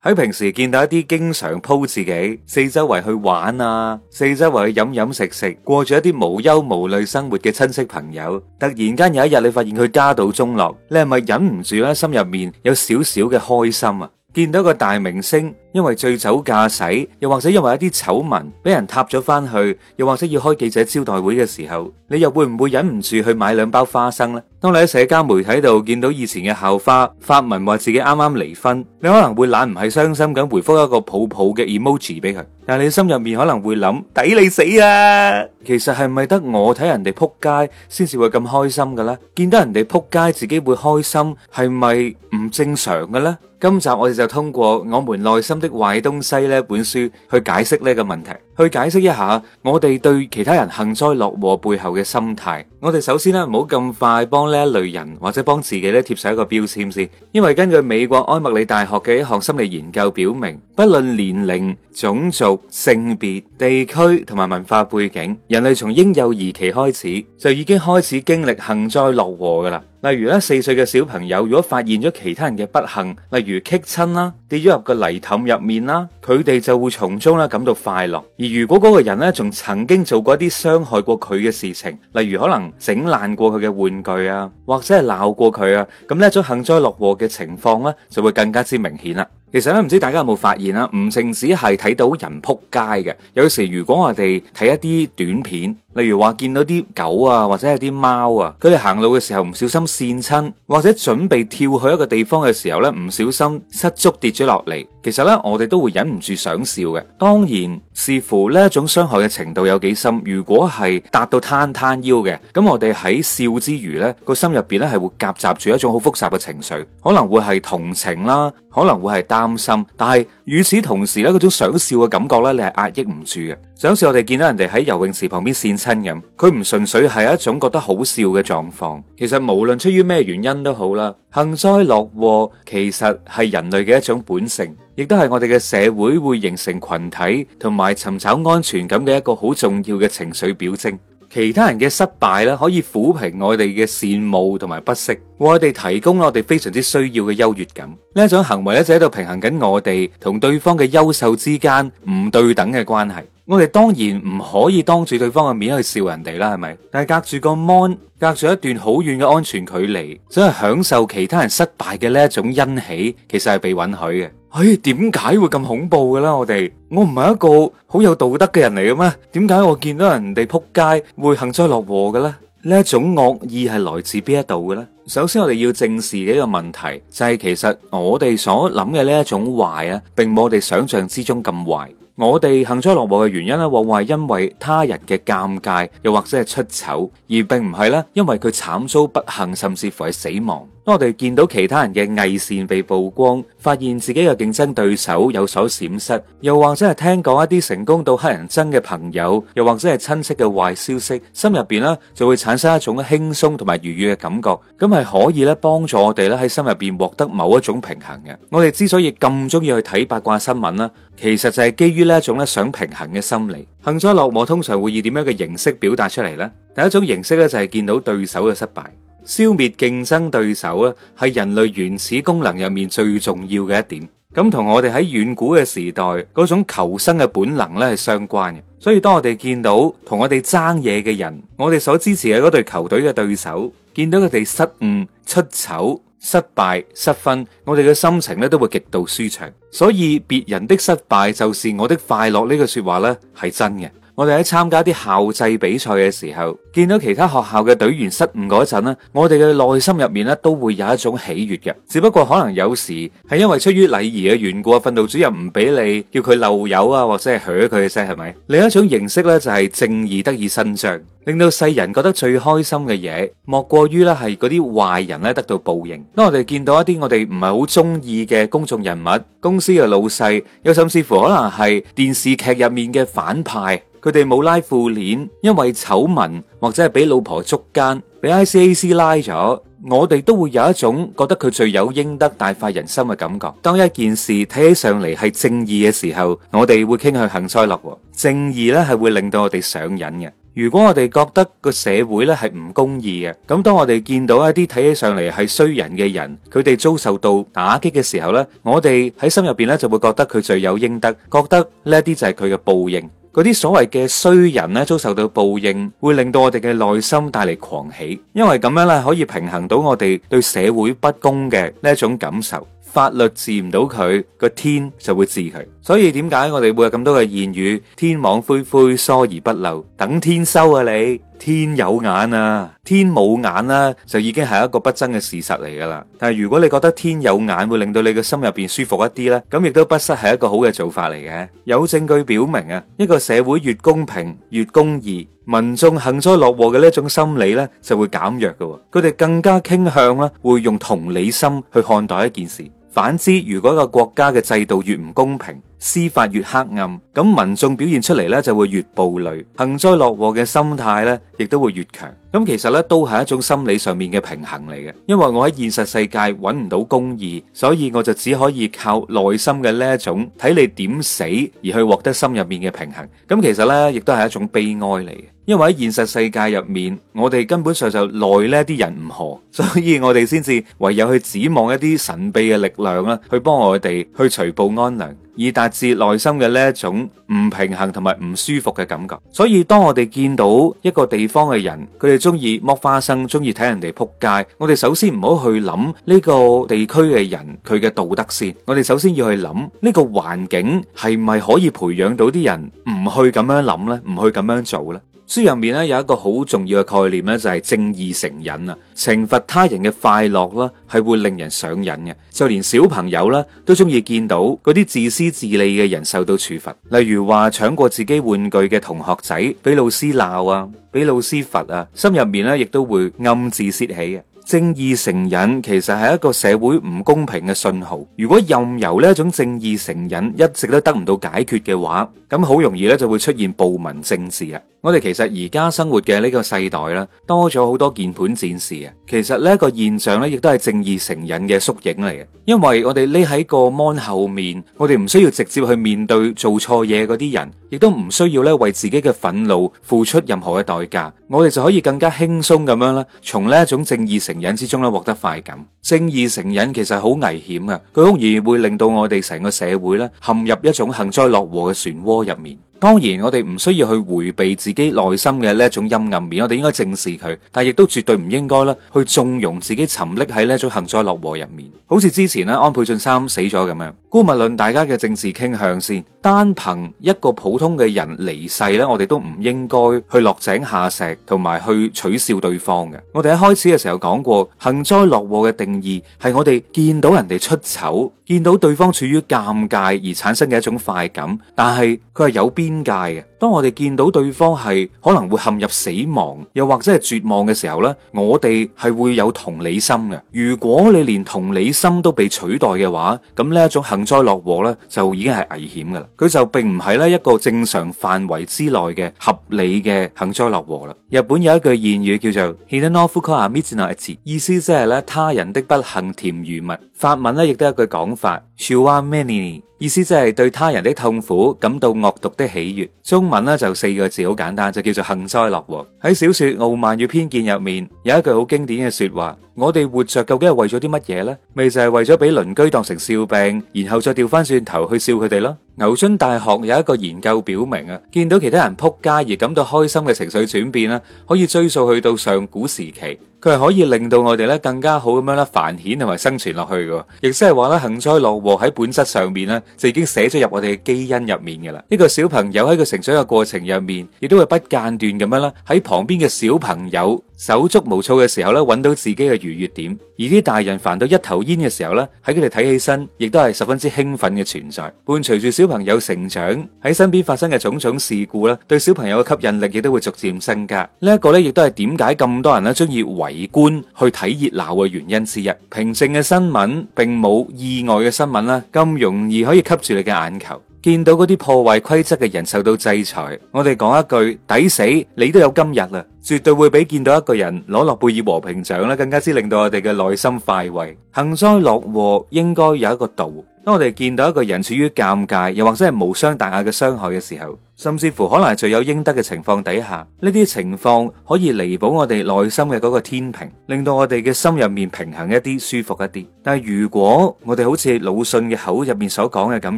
喺平時見到一啲經常鋪自己四周圍去玩啊，四周圍去飲飲食食，過住一啲無憂無慮生活嘅親戚朋友，突然間有一日你發現佢家道中落，你係咪忍唔住喺心入面有少少嘅開心啊？見到個大明星。因為醉酒駕駛，又或者因為一啲醜聞俾人撻咗翻去，又或者要開記者招待會嘅時候，你又會唔會忍唔住去買兩包花生呢？當你喺社交媒體度見到以前嘅校花發文話自己啱啱離婚，你可能會懶唔係傷心咁回覆一個抱抱嘅 emoji 俾佢，但係你心入面可能會諗抵你死啊！其實係咪得我睇人哋扑街先至會咁開心噶咧？見到人哋扑街自己會開心，係咪唔正常嘅咧？今集我哋就通過我們內心的壞東西呢本書去解釋呢個問題。去解釋一下我哋對其他人幸災樂禍背後嘅心態。我哋首先咧，唔好咁快幫呢一類人或者幫自己咧貼上一個標籤先。因為根據美國埃默里大學嘅一項心理研究表明，不論年齡、種族、性別、地區同埋文化背景，人類從嬰幼兒期開始就已經開始經歷幸災樂禍噶啦。例如咧，四歲嘅小朋友如果發現咗其他人嘅不幸，例如踢親啦、跌咗入個泥凼入面啦，佢哋就會從中咧感到快樂而。如果嗰個人呢，仲曾經做過一啲傷害過佢嘅事情，例如可能整爛過佢嘅玩具啊，或者係鬧過佢啊，咁呢一種幸災樂禍嘅情況呢，就會更加之明顯啦。其實咧，唔知大家有冇發現啊？唔淨止係睇到人撲街嘅，有時如果我哋睇一啲短片，例如話見到啲狗啊，或者係啲貓啊，佢哋行路嘅時候唔小心跣親，或者準備跳去一個地方嘅時候呢，唔小心失足跌咗落嚟。其實咧，我哋都會忍唔住想笑嘅。當然，視乎呢一種傷害嘅程度有幾深。如果係達到攤攤腰嘅，咁我哋喺笑之餘呢個心入邊咧係會夾雜住一種好複雜嘅情緒，可能會係同情啦，可能會係擔心，但係。與此同時咧，嗰種想笑嘅感覺咧，你係壓抑唔住嘅。想笑，我哋見到人哋喺游泳池旁邊扇親咁，佢唔純粹係一種覺得好笑嘅狀況。其實無論出於咩原因都好啦，幸災樂禍其實係人類嘅一種本性，亦都係我哋嘅社會會形成群體同埋尋找安全感嘅一個好重要嘅情緒表徵。其他人嘅失敗啦，可以撫平我哋嘅羨慕同埋不適，為我哋提供我哋非常之需要嘅優越感。呢一種行為咧，就喺度平衡緊我哋同對方嘅優秀之間唔對等嘅關係。我哋當然唔可以當住對方嘅面去笑人哋啦，係咪？但係隔住個 mon，隔住一段好遠嘅安全距離，想係享受其他人失敗嘅呢一種欣喜，其實係被允許嘅。哎，點解會咁恐怖嘅咧？我哋，我唔係一個好有道德嘅人嚟嘅咩？點解我見到人哋撲街會幸災樂禍嘅咧？呢一種惡意係來自邊一度嘅咧？首先我哋要正視嘅一個問題就係，其實我哋所諗嘅呢一種壞啊，並冇我哋想象之中咁壞。我哋幸災樂禍嘅原因咧，往往係因為他人嘅尷尬，又或者係出醜，而並唔係咧因為佢慘遭不幸，甚至乎係死亡。當我哋見到其他人嘅偽善被曝光，發現自己嘅競爭對手有所閃失，又或者係聽講一啲成功到黑人憎嘅朋友，又或者係親戚嘅壞消息，心入邊呢就會產生一種輕鬆同埋愉悅嘅感覺，咁係可以咧幫助我哋咧喺心入邊獲得某一種平衡嘅。我哋之所以咁中意去睇八卦新聞啦，其實就係基於呢一種咧想平衡嘅心理。幸災樂禍通常會以點樣嘅形式表達出嚟呢？第一種形式咧就係見到對手嘅失敗。消滅競爭對手咧，係人類原始功能入面最重要嘅一點。咁同我哋喺遠古嘅時代嗰種求生嘅本能咧係相關嘅。所以當我哋見到同我哋爭嘢嘅人，我哋所支持嘅嗰隊球隊嘅對手，見到佢哋失誤、出醜、失敗、失分，我哋嘅心情咧都會極度舒暢。所以別人的失敗就是我的快樂呢句說話咧係真嘅。我哋喺參加啲校際比賽嘅時候，見到其他學校嘅隊員失誤嗰陣咧，我哋嘅內心入面咧都會有一種喜悅嘅。只不過可能有時係因為出於禮儀嘅緣故啊，訓導主任唔俾你叫佢漏油啊，或者係噓佢一聲，係咪？另一種形式咧就係正義得以伸張，令到世人覺得最開心嘅嘢，莫過於咧係嗰啲壞人咧得到報應。當我哋見到一啲我哋唔係好中意嘅公眾人物、公司嘅老細，又甚至乎可能係電視劇入面嘅反派。佢哋冇拉褲鏈，因為醜聞或者係俾老婆捉姦，俾 ICAC 拉咗。我哋都會有一種覺得佢罪有應得，大快人心嘅感覺。當一件事睇起上嚟係正義嘅時候，我哋會傾向幸災樂禍。正義咧係會令到我哋上癮嘅。如果我哋覺得個社會咧係唔公義嘅，咁當我哋見到一啲睇起上嚟係衰人嘅人，佢哋遭受到打擊嘅時候咧，我哋喺心入邊咧就會覺得佢罪有應得，覺得呢一啲就係佢嘅報應。嗰啲所謂嘅衰人咧，遭受到報應，會令到我哋嘅內心帶嚟狂喜，因為咁樣咧可以平衡到我哋對社會不公嘅呢一種感受。法律治唔到佢，個天就會治佢。所以點解我哋會有咁多嘅諺語？天網恢恢，疏而不漏，等天收啊你！天有眼啊，天冇眼啦，就已經係一個不爭嘅事實嚟噶啦。但係如果你覺得天有眼會令到你嘅心入邊舒服一啲咧，咁亦都不失係一個好嘅做法嚟嘅。有證據表明啊，一個社會越公平、越公義，民眾幸災樂禍嘅呢一種心理咧就會減弱嘅，佢哋更加傾向啦會用同理心去看待一件事。反之，如果一個國家嘅制度越唔公平，司法越黑暗，咁民眾表現出嚟咧就會越暴戾，幸災樂禍嘅心態咧亦都會越強。咁其實呢都係一種心理上面嘅平衡嚟嘅，因為我喺現實世界揾唔到公義，所以我就只可以靠內心嘅呢一種睇你點死而去獲得心入面嘅平衡。咁其實呢亦都係一種悲哀嚟嘅，因為喺現實世界入面，我哋根本上就奈呢啲人唔何，所以我哋先至唯有去指望一啲神秘嘅力量啦，去幫我哋去除暴安良，以達至內心嘅呢一種唔平衡同埋唔舒服嘅感覺。所以當我哋見到一個地方嘅人，佢哋中意剝花生，中意睇人哋扑街。我哋首先唔好去諗呢個地區嘅人，佢嘅道德先。我哋首先要去諗呢個環境係咪可以培養到啲人唔去咁樣諗咧，唔去咁樣做咧。書入面咧有一個好重要嘅概念咧，就係、是、正義成癮啊！懲罰他人嘅快樂啦，係會令人上癮嘅，就連小朋友啦都中意見到嗰啲自私自利嘅人受到處罰，例如話搶過自己玩具嘅同學仔，俾老師鬧啊，俾老師罰啊，心入面咧亦都會暗自竊喜嘅。正義成癮其實係一個社會唔公平嘅信號。如果任由呢一種正義成癮一直都得唔到解決嘅話，咁好容易咧就會出現暴民政治啊！我哋其實而家生活嘅呢個世代啦，多咗好多鍵盤戰士啊！其實呢一個現象咧，亦都係正義成癮嘅縮影嚟嘅，因為我哋匿喺個 mon 後面，我哋唔需要直接去面對做錯嘢嗰啲人。亦都唔需要咧，為自己嘅憤怒付出任何嘅代價，我哋就可以更加輕鬆咁樣咧，從呢一種正義成癮之中咧獲得快感。正義成癮其實好危險㗎，佢容易會令到我哋成個社會咧陷入一種幸災樂禍嘅漩渦入面。當然，我哋唔需要去迴避自己內心嘅呢一種陰暗面，我哋應該正視佢，但亦都絕對唔應該咧去縱容自己沉溺喺呢一種幸災樂禍入面。好似之前咧，安倍晉三死咗咁樣。姑勿論大家嘅政治傾向先，單憑一個普通嘅人離世咧，我哋都唔應該去落井下石同埋去取笑對方嘅。我哋一開始嘅時候講過，幸災樂禍嘅定義係我哋見到人哋出醜，見到對方處於尷尬而產生嘅一種快感，但係佢係有邊？天界嘅。當我哋見到對方係可能會陷入死亡，又或者係絕望嘅時候咧，我哋係會有同理心嘅。如果你連同理心都被取代嘅話，咁呢一種幸災樂禍咧就已經係危險噶啦。佢就並唔係咧一個正常範圍之內嘅合理嘅幸災樂禍啦。日本有一句諺語叫做 Hito no fukou wa mitsu no aji，意思即係咧他人的不幸甜如蜜。法文咧亦都有一句講法，joie maligne，意思即係對他人的痛苦感到惡毒的喜悦。中文咧就四個字好簡單，就叫做幸災樂禍。喺小說《傲慢與偏見》入面有一句好經典嘅說話：我哋活着究竟係為咗啲乜嘢呢？咪就係為咗俾鄰居當成笑柄，然後再調翻轉頭去笑佢哋咯。牛津大學有一個研究表明啊，見到其他人仆街而感到開心嘅情緒轉變咧，可以追溯去到上古時期。佢係可以令到我哋咧更加好咁樣啦，繁衍同埋生存落去嘅，亦即係話咧幸災樂禍喺本質上面咧，就已經寫咗入我哋嘅基因入面嘅啦。一個小朋友喺佢成長嘅過程入面，亦都會不間斷咁樣啦，喺旁邊嘅小朋友手足無措嘅時候咧，揾到自己嘅愉悅點；而啲大人煩到一頭煙嘅時候咧，喺佢哋睇起身，亦都係十分之興奮嘅存在。伴隨住小朋友成長喺身邊發生嘅種種事故啦，對小朋友嘅吸引力亦都會逐漸增加。呢一個咧，亦都係點解咁多人咧中意為圍觀去睇熱鬧嘅原因之一，平靜嘅新聞並冇意外嘅新聞啦，咁容易可以吸住你嘅眼球。見到嗰啲破壞規則嘅人受到制裁，我哋講一句抵死，你都有今日啦，絕對會比見到一個人攞諾貝爾和平獎咧，更加之令到我哋嘅內心快慰。幸災樂禍應該有一個度。當我哋見到一個人處於尷尬，又或者係無傷大雅嘅傷害嘅時候，甚至乎可能係罪有應得嘅情況底下，呢啲情況可以彌補我哋內心嘅嗰個天平，令到我哋嘅心入面平衡一啲，舒服一啲。但係如果我哋好似魯迅嘅口入面所講嘅咁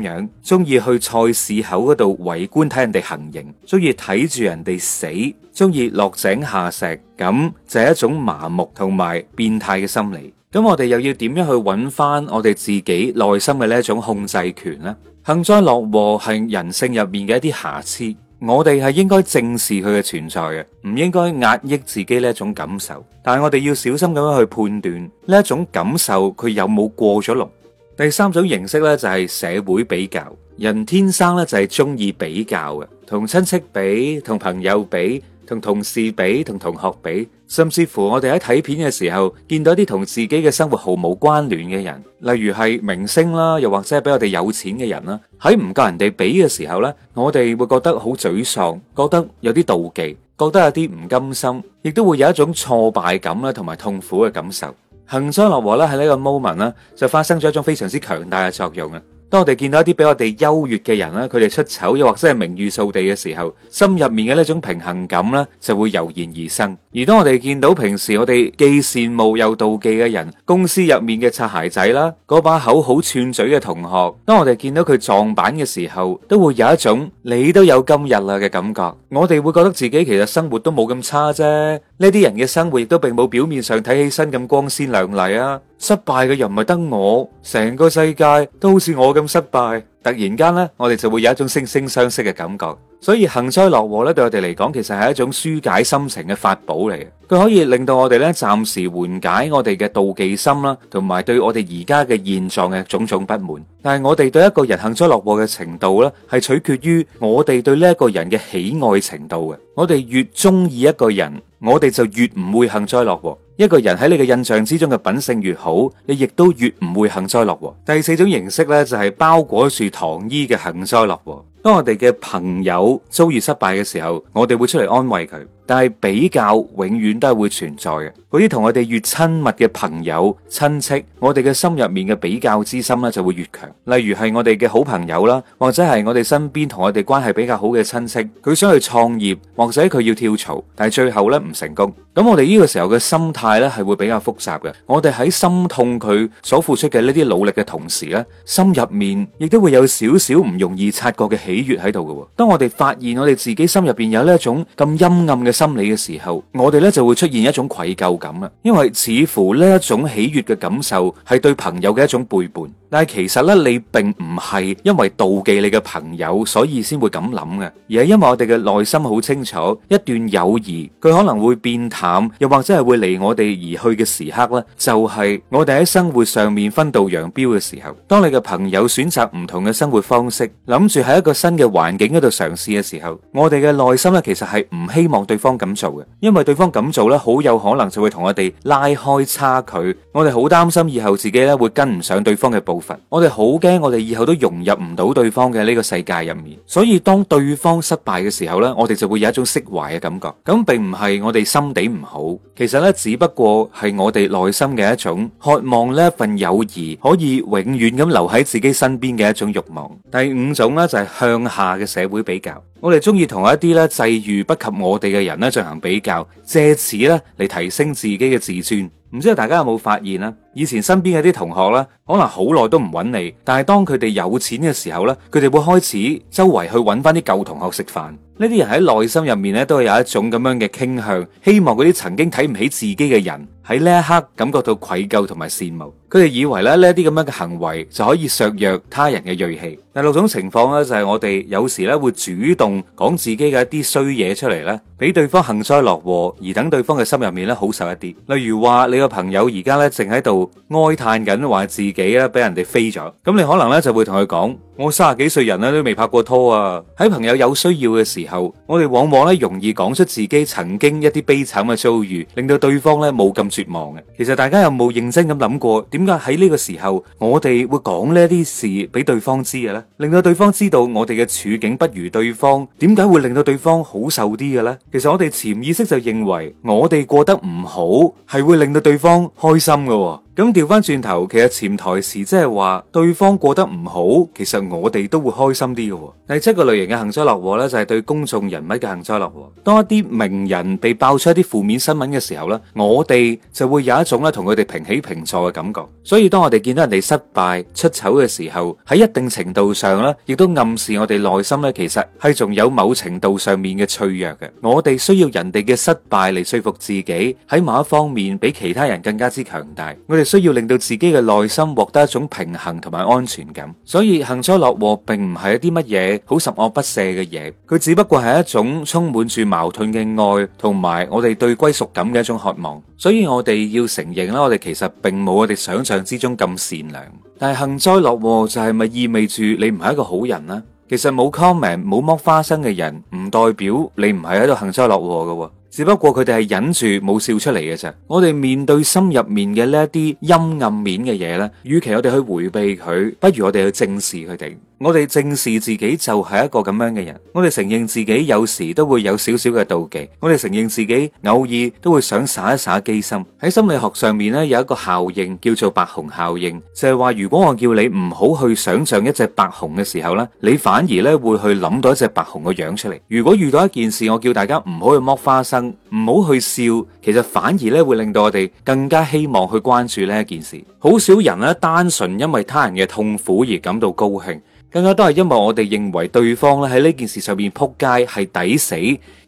樣，中意去菜市口嗰度圍觀睇人哋行刑，中意睇住人哋死，中意落井下石，咁就係一種麻木同埋變態嘅心理。咁我哋又要點樣去揾翻我哋自己內心嘅呢一種控制權呢？幸災樂禍係人性入面嘅一啲瑕疵，我哋係應該正視佢嘅存在嘅，唔應該壓抑自己呢一種感受。但係我哋要小心咁樣去判斷呢一種感受，佢有冇過咗龍。第三種形式呢就係社會比較，人天生呢就係中意比較嘅，同親戚比，同朋友比。同同事比，同同學比，甚至乎我哋喺睇片嘅時候，見到啲同自己嘅生活毫無關聯嘅人，例如係明星啦，又或者係比我哋有錢嘅人啦，喺唔夠人哋比嘅時候呢，我哋會覺得好沮喪，覺得有啲妒忌，覺得有啲唔甘心，亦都會有一種挫敗感啦，同埋痛苦嘅感受。幸災樂禍咧喺呢個 moment 啦，就發生咗一種非常之強大嘅作用啊！當我哋見到一啲比我哋優越嘅人咧，佢哋出醜又或者係名譽掃地嘅時候，心入面嘅呢種平衡感咧，就會油然而生。而當我哋見到平時我哋既羨慕又妒忌嘅人，公司入面嘅擦鞋仔啦，嗰把口好串嘴嘅同學，當我哋見到佢撞板嘅時候，都會有一種你都有今日喇嘅感覺。我哋會覺得自己其實生活都冇咁差啫。呢啲人嘅生活亦都並冇表面上睇起身咁光鮮亮麗啊。失敗嘅又唔係得我，成個世界都好似我咁失敗。突然間呢，我哋就會有一種惺惺相惜嘅感覺。所以，幸災樂禍呢，對我哋嚟講，其實係一種紓解心情嘅法寶嚟。佢可以令到我哋呢，暫時緩解我哋嘅妒忌心啦，同埋對我哋而家嘅現狀嘅種種不滿。但係我哋對一個人幸災樂禍嘅程度呢，係取決於我哋對呢一個人嘅喜愛程度嘅。我哋越中意一個人，我哋就越唔會幸災樂禍。一個人喺你嘅印象之中嘅品性越好，你亦都越唔會幸災樂禍。第四種形式咧，就係包裹住糖衣嘅幸災樂禍。當我哋嘅朋友遭遇失敗嘅時候，我哋會出嚟安慰佢。但係比較永遠都係會存在嘅，嗰啲同我哋越親密嘅朋友、親戚，我哋嘅心入面嘅比較之心咧就會越強。例如係我哋嘅好朋友啦，或者係我哋身邊同我哋關係比較好嘅親戚，佢想去創業或者佢要跳槽，但係最後咧唔成功。咁我哋呢個時候嘅心態咧係會比較複雜嘅。我哋喺心痛佢所付出嘅呢啲努力嘅同時咧，心入面亦都會有少少唔容易察覺嘅喜悅喺度嘅。當我哋發現我哋自己心入邊有呢一種咁陰暗嘅。心理嘅時候，我哋咧就會出現一種愧疚感啦，因為似乎呢一種喜悅嘅感受係對朋友嘅一種背叛。但係其實咧，你並唔係因為妒忌你嘅朋友，所以先會咁諗嘅，而係因為我哋嘅內心好清楚，一段友誼佢可能會變淡，又或者係會離我哋而去嘅時刻咧，就係我哋喺生活上面分道揚鑣嘅時候。當你嘅朋友選擇唔同嘅生活方式，諗住喺一個新嘅環境嗰度嘗試嘅時候，我哋嘅內心咧其實係唔希望對方咁做嘅，因為對方咁做咧，好有可能就會同我哋拉開差距，我哋好擔心以後自己咧會跟唔上對方嘅步伐，我哋好驚我哋以後都融入唔到對方嘅呢個世界入面，所以當對方失敗嘅時候咧，我哋就會有一種釋懷嘅感覺，咁並唔係我哋心地唔好，其實咧只不過係我哋內心嘅一種渴望呢一份友誼可以永遠咁留喺自己身邊嘅一種慾望。第五種咧就係向下嘅社會比較。我哋中意同一啲咧，際遇不及我哋嘅人咧進行比較，借此咧嚟提升自己嘅自尊。唔知道大家有冇發現啊？以前身邊嘅啲同學咧，可能好耐都唔揾你，但係當佢哋有錢嘅時候咧，佢哋會開始周圍去揾翻啲舊同學食飯。呢啲人喺內心入面咧，都係有一種咁樣嘅傾向，希望嗰啲曾經睇唔起自己嘅人喺呢一刻感覺到愧疚同埋羨慕。佢哋以為咧，呢啲咁樣嘅行為就可以削弱他人嘅銳氣。第六種情況咧，就係我哋有時咧會主動講自己嘅一啲衰嘢出嚟咧，俾對方幸災樂禍，而等對方嘅心入面咧好受一啲。例如話，你個朋友而家咧正喺度哀嘆緊，話自己咧俾人哋飛咗，咁你可能咧就會同佢講。我三十幾歲人咧都未拍過拖啊！喺朋友有需要嘅時候，我哋往往咧容易講出自己曾經一啲悲慘嘅遭遇，令到對方咧冇咁絕望嘅。其實大家有冇認真咁諗過，點解喺呢個時候我哋會講呢啲事俾對方知嘅咧？令到對方知道我哋嘅處境不如對方，點解會令到對方好受啲嘅咧？其實我哋潛意識就認為，我哋過得唔好係會令到對方開心噶喎。咁掉返轉頭，其實潛台詞即係話對方過得唔好，其實我哋都會開心啲喎、哦。第七個類型嘅幸災樂禍咧，就係對公眾人物嘅幸災樂禍。當一啲名人被爆出一啲負面新聞嘅時候咧，我哋就會有一種咧同佢哋平起平坐嘅感覺。所以當我哋見到人哋失敗、出醜嘅時候，喺一定程度上咧，亦都暗示我哋內心咧其實係仲有某程度上面嘅脆弱嘅。我哋需要人哋嘅失敗嚟說服自己喺某一方面比其他人更加之強大。我哋需要令到自己嘅內心獲得一種平衡同埋安全感。所以幸災樂禍並唔係一啲乜嘢。好十惡不赦嘅嘢，佢只不過係一種充滿住矛盾嘅愛，同埋我哋對歸屬感嘅一種渴望。所以我哋要承認啦，我哋其實並冇我哋想象之中咁善良。但係幸災樂禍就係咪意味住你唔係一個好人呢？其實冇 comment 冇剝花生嘅人，唔代表你唔係喺度幸災樂禍㗎。只不過佢哋係忍住冇笑出嚟嘅啫。我哋面對心入面嘅呢一啲陰暗面嘅嘢咧，與其我哋去迴避佢，不如我哋去正視佢哋。我哋正視自己就係一個咁樣嘅人，我哋承認自己有時都會有少少嘅妒忌，我哋承認自己偶爾都會想耍一耍機心。喺心理學上面咧，有一個效應叫做白熊效應，就係話如果我叫你唔好去想象一隻白熊嘅時候咧，你反而咧會去諗到一隻白熊嘅樣出嚟。如果遇到一件事，我叫大家唔好去剝花生，唔好去笑，其實反而咧會令到我哋更加希望去關注呢一件事。好少人咧單純因為他人嘅痛苦而感到高興。更加都係因為我哋認為對方咧喺呢件事上面撲街係抵死，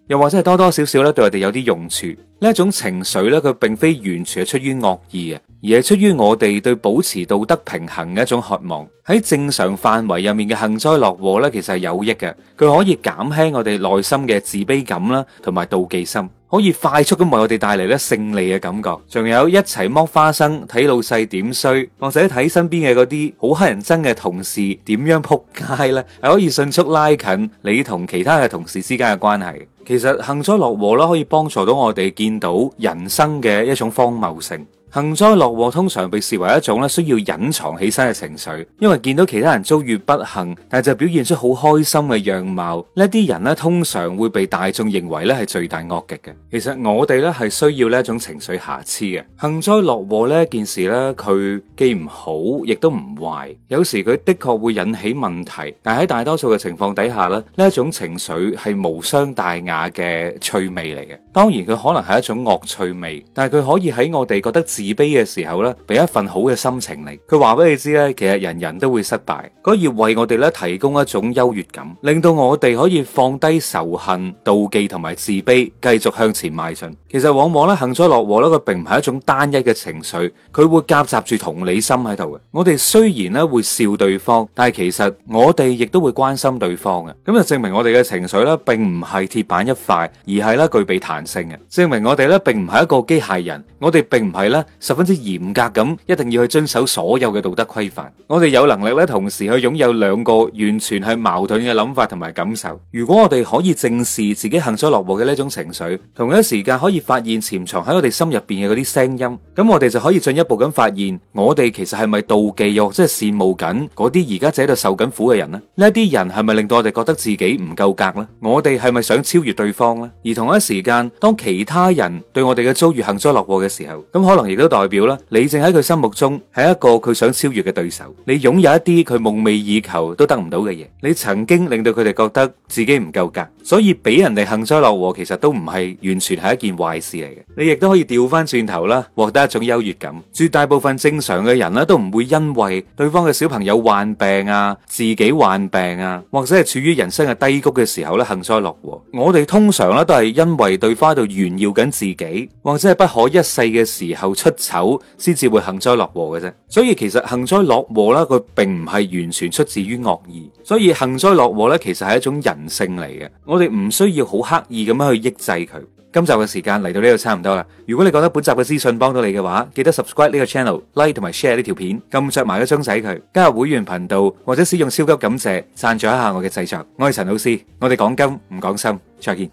又或者係多多少少咧對我哋有啲用處，呢一種情緒咧佢並非完全係出於惡意啊，而係出於我哋對保持道德平衡嘅一種渴望。喺正常範圍入面嘅幸災樂禍咧，其實係有益嘅，佢可以減輕我哋內心嘅自卑感啦，同埋妒忌心。可以快速咁為我哋帶嚟咧勝利嘅感覺，仲有一齊剝花生，睇老細點衰，或者睇身邊嘅嗰啲好乞人憎嘅同事點樣撲街，呢係可以迅速拉近你同其他嘅同事之間嘅關係。其實幸災樂禍啦，可以幫助到我哋見到人生嘅一種荒謬性。幸災樂禍通常被視為一種咧需要隱藏起身嘅情緒，因為見到其他人遭遇不幸，但係就表現出好開心嘅樣貌，呢啲人咧通常會被大眾認為咧係罪大惡極嘅。其實我哋咧係需要呢一種情緒瑕疵嘅，幸災樂禍呢件事咧佢既唔好亦都唔壞，有時佢的確會引起問題，但係喺大多數嘅情況底下咧，呢一種情緒係無傷大雅嘅趣味嚟嘅。當然佢可能係一種惡趣味，但係佢可以喺我哋覺得自卑嘅時候咧，俾一份好嘅心情嚟。佢話俾你知咧，其實人人都會失敗，可以為我哋咧提供一種優越感，令到我哋可以放低仇恨、妒忌同埋自卑，繼續向前邁進。其實往往咧，幸災樂禍咧，佢並唔係一種單一嘅情緒，佢會夾雜住同理心喺度嘅。我哋雖然咧會笑對方，但係其實我哋亦都會關心對方嘅。咁就證明我哋嘅情緒咧並唔係鐵板一塊，而係咧具備彈性嘅，證明我哋咧並唔係一個機械人，我哋並唔係咧十分之嚴格咁，一定要去遵守所有嘅道德規範。我哋有能力咧，同時去擁有兩個完全係矛盾嘅諗法同埋感受。如果我哋可以正視自己幸災樂禍嘅呢種情緒，同一時間可以發現潛藏喺我哋心入邊嘅嗰啲聲音，咁我哋就可以進一步咁發現，我哋其實係咪妒忌又即係羨慕緊嗰啲而家正喺度受緊苦嘅人呢？呢一啲人係咪令到我哋覺得自己唔夠格呢？我哋係咪想超越對方呢？而同一時間。當其他人對我哋嘅遭遇幸災樂禍嘅時候，咁可能亦都代表啦，你正喺佢心目中係一個佢想超越嘅對手，你擁有一啲佢夢寐以求都得唔到嘅嘢，你曾經令到佢哋覺得自己唔夠格，所以俾人哋幸災樂禍，其實都唔係完全係一件壞事嚟嘅。你亦都可以調翻轉頭啦，獲得一種優越感。絕大部分正常嘅人咧，都唔會因為對方嘅小朋友患病啊、自己患病啊，或者係處於人生嘅低谷嘅時候咧，幸災樂禍。我哋通常咧都係因為對。花度炫耀緊自己，或者係不可一世嘅時候出醜，先至會幸災樂禍嘅啫。所以其實幸災樂禍啦，佢並唔係完全出自於惡意。所以幸災樂禍咧，其實係一種人性嚟嘅。我哋唔需要好刻意咁樣去抑制佢。今集嘅時間嚟到呢度差唔多啦。如果你覺得本集嘅資訊幫到你嘅話，記得 subscribe 呢個 channel，like 同埋 share 呢條片，撳著埋嗰張仔佢，加入會員頻道或者使用超級感謝讚助一下我嘅製作。我係陳老師，我哋講金唔講心，再見。